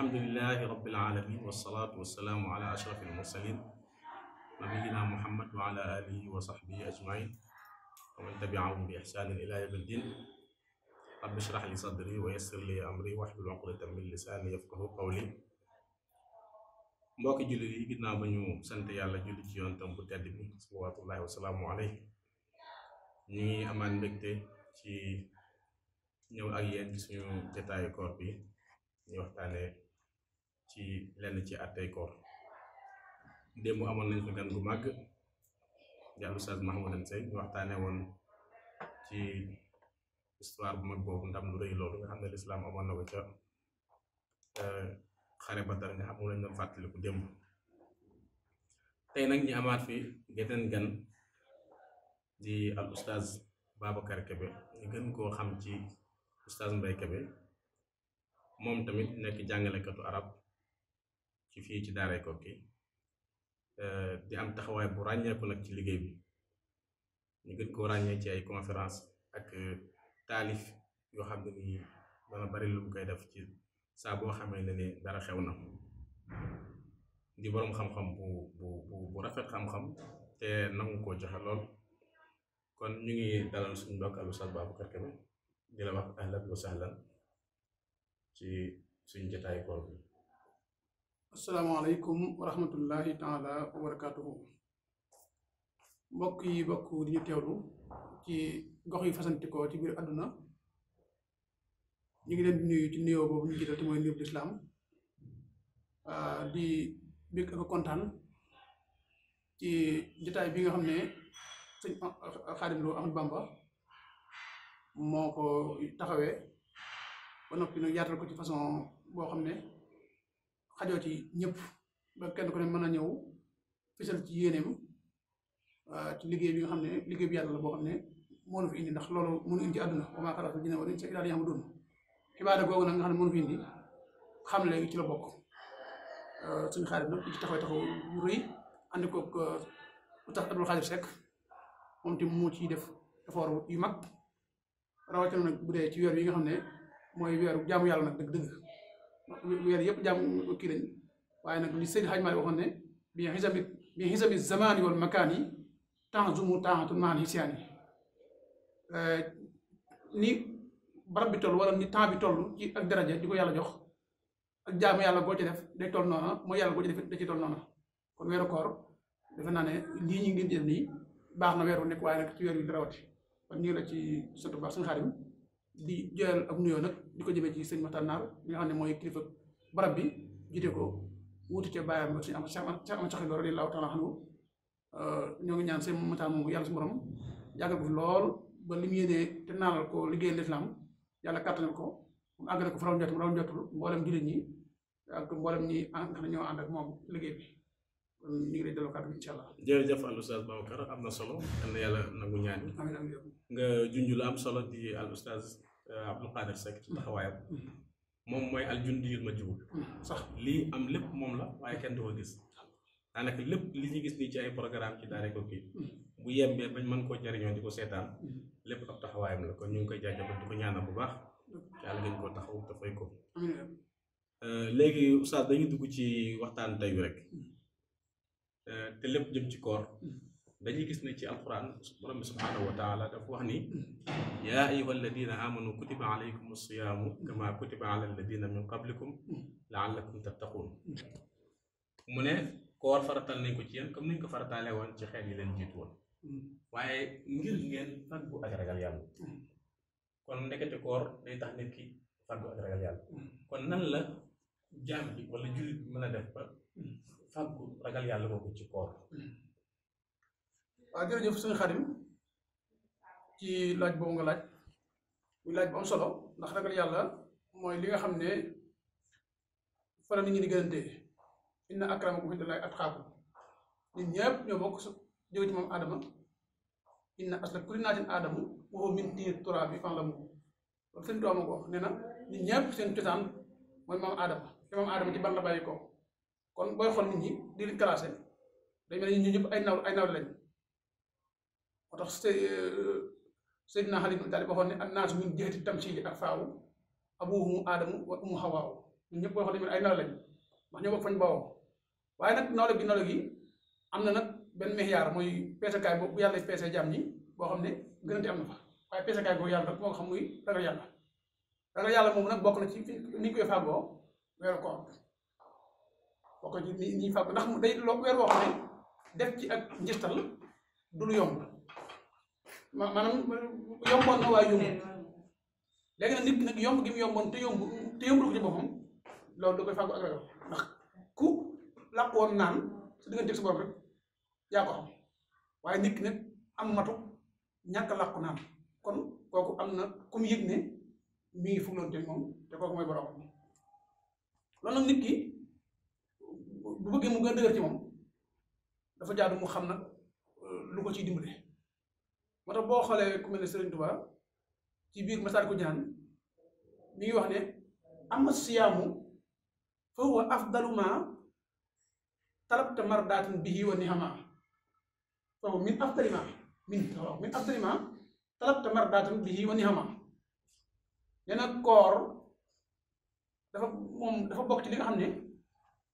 alhamdulilahi rabbil alamin wasalaatu wasalaamu ala ashraf almursalin nabiyina muhammad wa ala alihi wa sahbihi ajmain wa man tabiahum bi ihsanin ila yawmi ddin rabbi shrah li sadri wa yassir li amri wahlul uqdatan min lisani yafqahu qawli mbokki jullit yi ginnaaw ba ñu sant yàlla julli ci yontam bu tedd bi salawatullahi wasalaamu alayhi ñu ngi amaan mbégte ci ñëw ak yéen ci suñu jotaayu koor bi ñu waxtaanee ci lenn ci àttey koor amoon nañ fi gan gu màgg di al Oustaz Mahmoudan Seye ñu waxtaane woon ci histoire bu mag boobu ndam lu rëy loolu nga xam ne lislaam amoon na ko ca eh, xare Badar nga xam ne lañ doon fàttaliku tey nag ñi amaat fi geneen gan di al Oustaz Babacar Kébé ñu gën koo xam ci Oustaz Mbaye Kébé moom tamit nekk jàngalekatu arab ci fii ci daaray Koki eh, di am taxawaay bu ràññeeku nag ci liggéey bi ñu gën ko ràññee ci ay conférence ak eh, taalif yoo xam ne nii dana bari lu mu koy def ci saa boo xamee ne ni dara xew na di boroom xam-xam bu bu bu rafet xam-xam te nangu ko joxe lool kon ñu ngi dalal suñu mbokk al Oustaz Babacar Kébé di la wax ahlan wa ci suñu jotaayu koor asalaamaaleykum wa rahmatullahi taala wa barakaatuhu mbokk yi bokk di ñu teewlu ci gox yi fasantikoo ci biir àdduna ñu ngi leen di nuyu ci nuyoo boobu ñu jiital te mooy nuyub lislaam di bég ak kontaan ci jotaay bi nga xam ne sëñ Xaadim Lo Ahmad Bamba moo ko taxawee ba noppi nag yaatal ko ci façon boo xam ne xajoo ci ñëpp ba kenn ku ne mën a ñëw fisal ci yéeneem ci liggéey bi nga xam ne liggéey bi yàlla la boo xam ne moo nu fi indi ndax loolu mënu indi ci àdduna wa maa xalaqtul xam ne ci la bokk euh, suñu xaalis nag ci taxaw taxaw bu rëy ànd koog euh, tax Abdul Xaadir Sekk moom itam moo ciy def effort yu mag rawatina nag bu dee ci weer yi nga xam ne mooy weeru jaamu yàlla nag dëgg-dëgg. weer yëpp jàmm mm. kii waaye nag li sëñ Hadj Malick waxoon ne bi xisami bi xisami zamaani wal makaan yi temps zumu temps maan xisiyaan yi eh, ni barab bi toll wala ni temps bi toll ci ak daraja di ko yàlla jox ak jaamu yàlla goo ci def day toll noona mooy yàlla goo def da ci toll noona kon weeru koor defe naa ne lii ñi ngi def nii baax na weer wu nekk waaye nag ci weer yu di rawati ñii la ci sant bu baax suñu di joyal ak nuyoo nag di ko jëmee ci sëñ Maxtaar Naar bi nga xam ne mooy kilifa barab bi jiite ko wuti ca bàyyam ba sëñ am Cheikh Ahmad Saxiir Lo ñoo ngi ñaan sëñ Maxtaar moom yàlla su borom yàggal ko lool ba li mu yéenee te naalal ko liggéey lislaam yàlla kàttanal ko mu àggale ko fa raw njot mu raw njotul mboolem ñi ak ñi nga xam ñoo ànd moom liggéey bi kon ñu ngi lay delloo kàddu incha allah. jërëjëf al oustaz Babacar am na solo am na yàlla nangu ñaan yi. amiin nga junj la am solo di al oustaz euh, Abdou Khader Seck ci taxawaayam. Mm-hmm. Mm-hmm. moom mooy al jundiyul majhuul mm-hmm. sax lii am lépp moom la waaye kenn du ko gis. daanaka lépp li ñu gis nii ci ay programme ci daare ko kii bu yembee bañ mën koo jariñoo di ko seetaan lépp ab taxawaayam la kon ñu ngi koy jaajëfal di ko ñaanal bu baax yàlla ngeen koo taxaw dafay ko euh, léegi oustaz dañuy dugg ci waxtaan tey rek Euh, te lépp jëm ci koor mm. dañuy gis ne ci alquran borom bi subhaanahu wa taala dafa wax ni mm. yaa ayuha alladina amanu kutiba alaykum asiyaamu kama kutiba ala alladina min qablikum mm. laallakum tattaquun mu ne koor faratal nañ ko ci yéen comme niñ ko farataale woon ci xeet yi leen jiitu woon waaye ngir ngeen faggu ak yàlla kon ndekete koor day tax nit ki faggu ak yàlla kon nan la jaam bi wala jullit bi a def ba fàggu ragal yàlla boobu ci koor waaw jërëjëf sëñ Xadim ci laaj boobu nga laaj muy laaj bu am solo ndax ragal yàlla mooy li nga xam ne fa la nit ñi di gënante inna akramakum indallahi atqaakum nit ñëpp ñoo bokk jóge ci moom aadama inna asla kulli naatin aadamu wa huwa min tiini turaabi fa'lamu loolu seen doomu ko nee nit ñëpp seen cosaan mooy maam aadama te maam aadama ci ban la bàyyi ko kon booy xool nit ñi di leen classé day mel ni ñëpp ay naaw lañ moo tax euh, Seydina Ali ibn Talib waxoon ne annaasu min jihati na nag benn mexiyaar mooy peesekaay boobu bu yàlla boo xam ne gënante am na fa moom nag bokk na ci ni ñu koy fàggoo weeru bokk ci ni ñuy fàgg ndax day loo weer woo xam ne def ci ak njëttal du lu yomb maanaam yomboon na waaye yomb léegi nag nit nag yomb gi mu yomboon te yomb te yombul ko ci boppam loolu da koy fàggu ak ku làq woon naan su diggante sa borom rek yaa waaye nit ki nag am matu ñàkk làqu naan kon kooku am na ku mu yëg ne mi ngi fugloon te moom te kooku mooy borom loolu nag nit bu bëggee mu gën dëgër ci moom dafa jaadu mu xam nag euh, lu ko ci dimbale moo tax boo xoolee ku mel ne Serigne Touba ci biir Masaalikul Jinaan mi ngi wax ne amma siyaamu fa huwa afdalu ma talabta mardaatin bihi wa nihama fa huwa min afdali ma min waaw min afdali ma talabta mardaatin bihi wa nihama nee na koor dafa moom dafa bokk ci li nga xam ne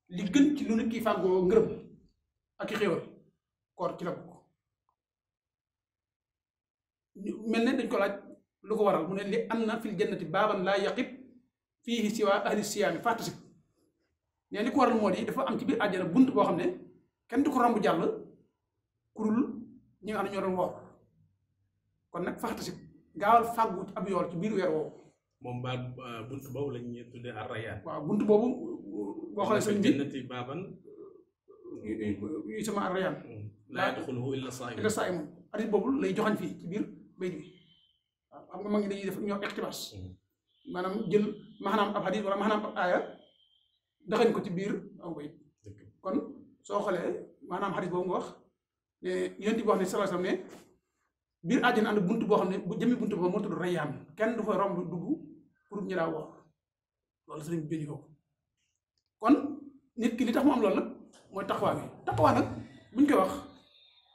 li ci lu nit ki fàggoo ngërëm ak i xéewal koor ci la bokk mel ne dañ ko laaj lu ko waral mu ne li am na fil jannati baaban laa yaqib fiihi siwa ahli siyaami faatasib nee li ko waral moo di dafa am ci bunt boo xam ne kenn du ko romb jàll kurul ñi nga ne ñoo doon woor kon nag faatasib gaawal fàggu ab yool ci biir weer woowu moom baal bunt boobu lañ ñuy tuddee waaw bunt boobu waxal sëñ bi jannati baaban yusammaa ar-rayyaan mm. laa yadxuluhu illa saa'imun illa saa'imun hadis boobu lay joxañ fii ci biir bayt bi waaw xam nga mag ñi dañuy def ñoo iqtibaas mm. maanaam jël maanaam ab hadis wala maanaam ab aaya daxañ ko ci biir aw bayt kon soo xoolee maanaam hadis boobu nga wax ne yonent bi wax ne sallallahu alayhi wasallam ne biir àjjana ànd bunt boo xam ne bu jëmi bunt boo moo tudd Rayyaan kenn du fa romb dugg pour ñu daa wax loolu sëriñ bi ko kon nit ki li tax mu am loolu nag mooy taxawaa bi taxawaa nag buñ koy wax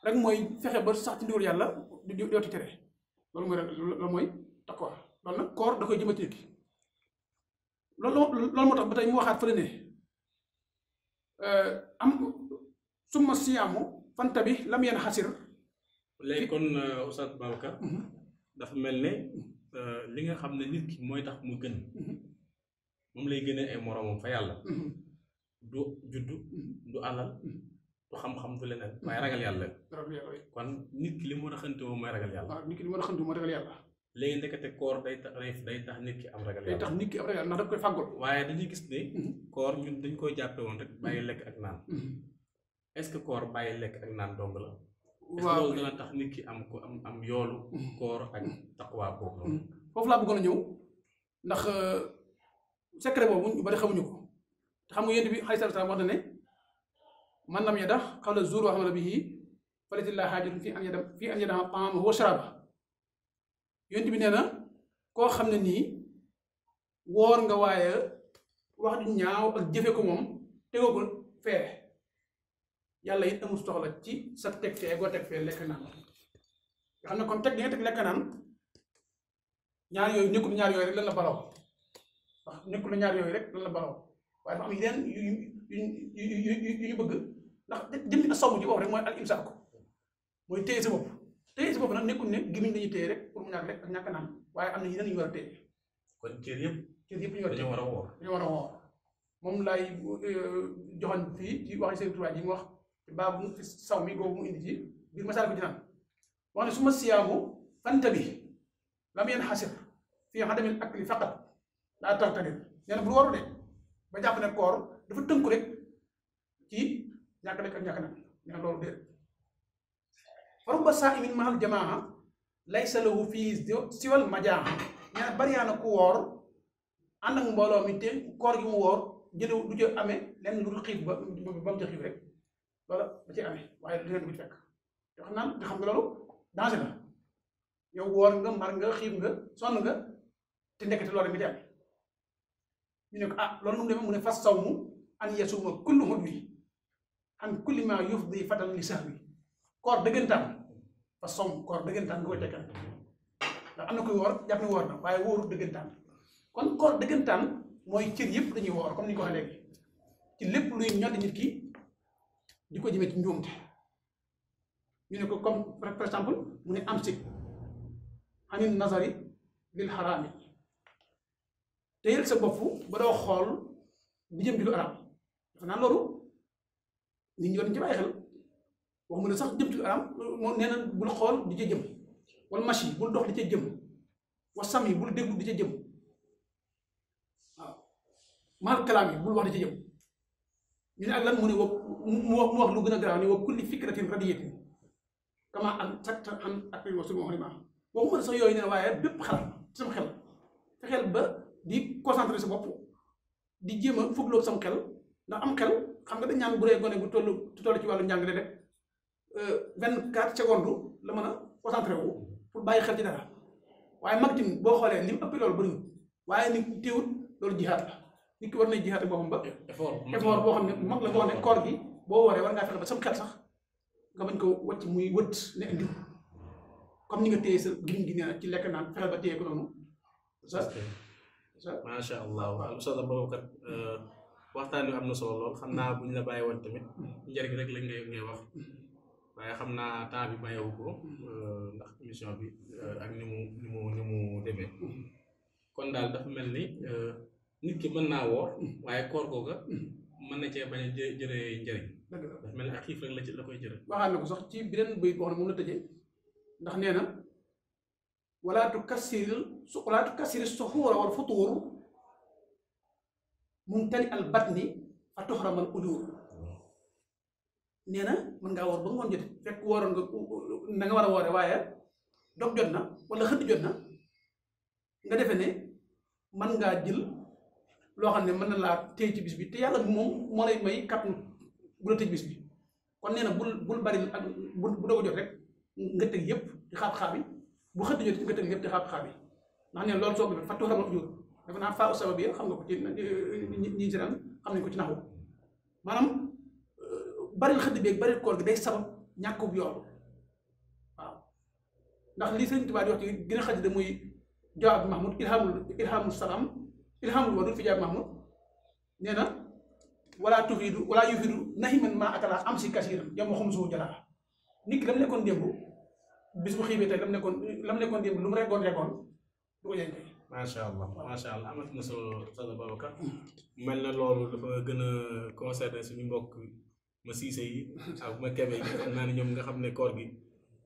rek mooy fexe ba sax ci yàlla di di dooti tere loolu mooy loolu mooy taxawaa koy jëma ci nit ki tax ba tey mu waxaat fële ne euh, am summa siyaamu fanta bi lam yenn xasir léegi kon euh, Oustaz Babacar mhm. dafa mel ne mhm. euh, li nga xam ne nit ki mooy tax mu gën mhm. moom lay gën a ay moroomam fa yàlla mhm. du juddu mhm. du alal mhm. du xam-xam du leneen waaye ragal yàlla kon nit ki li mu war a xëntewoo mooy ragal yàlla nit ki li mu war a xëntewoo mooy ragal ndekete koor day tax day tax nit ki am ragal yàlla tax nit ki am ragal yàlla ndax daf koy fàggul waaye dañuy gis ne koor ñun dañ koy jàppe woon rek bàyyi lekk ak naan est-ce que koor bàyyi lekk ak naan dong la waaw loolu tax nit ki am ko am am yoolu foofu laa bëggoon a ñëw ndax euh, secret boobu ñu bari xamuñu ko te xam nga yéen bi alayhi salaam wax na ne man lam yadax xawla zuur wa amala bihi falatillaa fii an yadax fii an yadax bi nee na koo xam ne nii woor nga waaye wax ju ñaaw ak jëfe ko moom tegoo ko fee yàlla it amul soxla ci sa teg fee goo teg fee lekk naan nga xam ne kon teg di teg lekk naan ñaar yooyu nekkul ñaar yooyu rek lan la baraw ndax nekkul ñaar yooyu rek la baaxoo waaye dafa am bëgg ndax jëmmi asawu ji boobu rek mooy al imsaak mooy téye sa bopp téye sa bopp nag rek pour mu ñaar rek waaye am na yeneen yu war a téye. kon war a war moom lay euh, joxoon fii ci waxi seen tubaab yi wax ci baabu fi saw mi googu mu indi ci biir masaal ko dinaan wax ne su siyaamu fanta bi lam yanxasir fii xadamil akli faqat daa tax tamit nee na bu waru de ba jàpp ne koor dafa tënku rek ci ñàkk lekk ak ñàkk nag nee na loolu de farumba saa imin mahal jamaa laysa lahu fii siwal majaa nee na bari na ku woor ànd ak mbooloo mi te koor gi mu woor jëlew du ci amee lenn lu xiif ba ba mu ca rek loola da ci amee waaye du leen ko fekk te woor nga mar nga xiif nga sonn nga te ndekete loolu mi ci ñu ne ko ah loolu moom mu ne fas saw mu an yasuma kullu hudwi an kulli ma yufdi fatan li sahwi koor dëggantaan fa som koor dëggantaan du ko tekkal ndax am woor jàpp ne woor na waaye wóoru dëggantaan kon koor dëggantaan mooy cër yëpp dañuy woor comme ni ko waxee ci lépp luy ñoddi nit di ko jëmee ci njuumte ñu ne ko comme par exemple mu ne am si anin nazari lil xaraami téyel sa bopp ba doo xool di jëm ci lu araam dafa naan loolu nit ñi war nañu xel wax mu ne sax jëm ci xool di ca jëm wala machine bul dox di ca jëm wa sam yi bul déglu di ca jëm waaw maal kalaam yi bul wax di ca jëm ñu ne ak lan mu ne wax mu wax lu gën a garaaw ne wa kulli fikratin radiyatin kama an sakta an ak wasul ma waxuma ne sax yooyu ne waaye bépp xalaat sama xel fexeel ba di concentré sa bopp di jéem a fugloog sam xel ndax am xel xam nga dañ ñaan bu dee gone bu toll toll ci wàllu njàng de rek euh, vingt quatre secondes la mën a concentré wu pour bàyyi xel ci dara waaye mag tim boo xoolee ni mu ëpp loolu bëriwul waaye ni teewut loolu jihaat la nit ki war nañ jihaate boppam ba. effort effort boo xam ne mag la boo xam ne koor bi boo waree war ngaa fexe ba sam xel sax nga bañ ko wàcc muy wët ne indi comme ni nga téye sa gin gi nee na ci lekk naan fexe ba téye ko noonu. macha allah waaw solo Mbow kat eh, waxtaan wi am na solo xam naa bu ñu la bàyyi woon tamit njëriñ rek lañ ngay ngay wax waaye xam naa temps bi bàyyiwu ko eh, ndax émission bi eh, ak ni mu ni mu demee kon daal dafa mel ni nit ki mën naa woor waaye koor googa mën na cee bañ a jë jëree njëriñ. dëgg mel ni ak xiif rek la koy jëre waxaan na ko sax ci beneen bëy boo xam ne moom la tëjee ndax nee wala tukassiril wala tukassiri suxuura wal futuur mumtali al batni fa toxramal ujuur nee na mën ngaa woor ba ngoon jot fekk wooroon nga na nga war a woore waaye dog jot na wala xëdd jot na nga defe ne mën ngaa jël loo xam ne mën na laa téy ci bis bi te yàlla moom moo lay may kàttan bu la tëj bis bi kon nee na bul bul bari ak bu doog jot rek nga teg yëpp di xaab-xaab bu xëtt jot ci gëtëm yëpp di xaab-xaab yi ndax neen loolu soog la fattu rama jur dafa naa faa sabab yi xam nga ko ci ñi siran xam nañ ko ci naxu maanaam euh, baril xëdd beeg baril koor gi day sabab ñàkkub yool waaw ndax lii sëñ Tuubaa di wax ci gën a xëdd da muy jawaab mahmoud ilhamul ilhamul salaam ilhamul wadud fi jawaab mahmoud nee na wala tufidu wala yufidu nahiman ma akala am si kasiram yom ma xum suu jalaa nit ki dam lekkoon démb bis bu xiibee tey lam nekkoon lam nekkoon démb lu mu reggoon reggoon du macha allah macha allah amati na solo solo Babacar na loolu dafa gën a concerné suñu mbokk ma siise yi ak ma kebe yi naa ne nga xam ne koor gi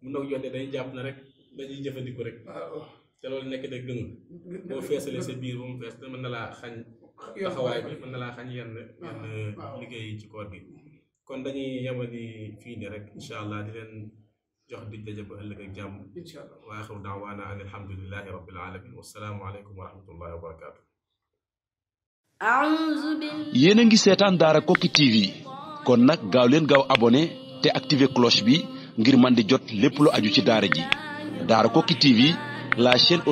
mu ndox jotee dañuy jàpp rek dañuy jëfandiku rek. te loolu nekk dëgg dëgg boo feesalee sa biir ba mu fees mën na laa xañ taxawaay bi mën na laa xañ yenn yenn liggéey ci koor gi kon dañuy yemani fii nii rek incha allah di leen. jox dig daje ba ëllëg ak jàmm incha allah wa axiru daawaana an alhamdulilahi wa rahmatullahi wa barakaatu yéen a ngi seetaan daara Koki TV kon nag gaaw leen gaaw abonné te activer cloche bi ngir man di jot lépp lu aju ci daara ji daara Koki TV la chaîne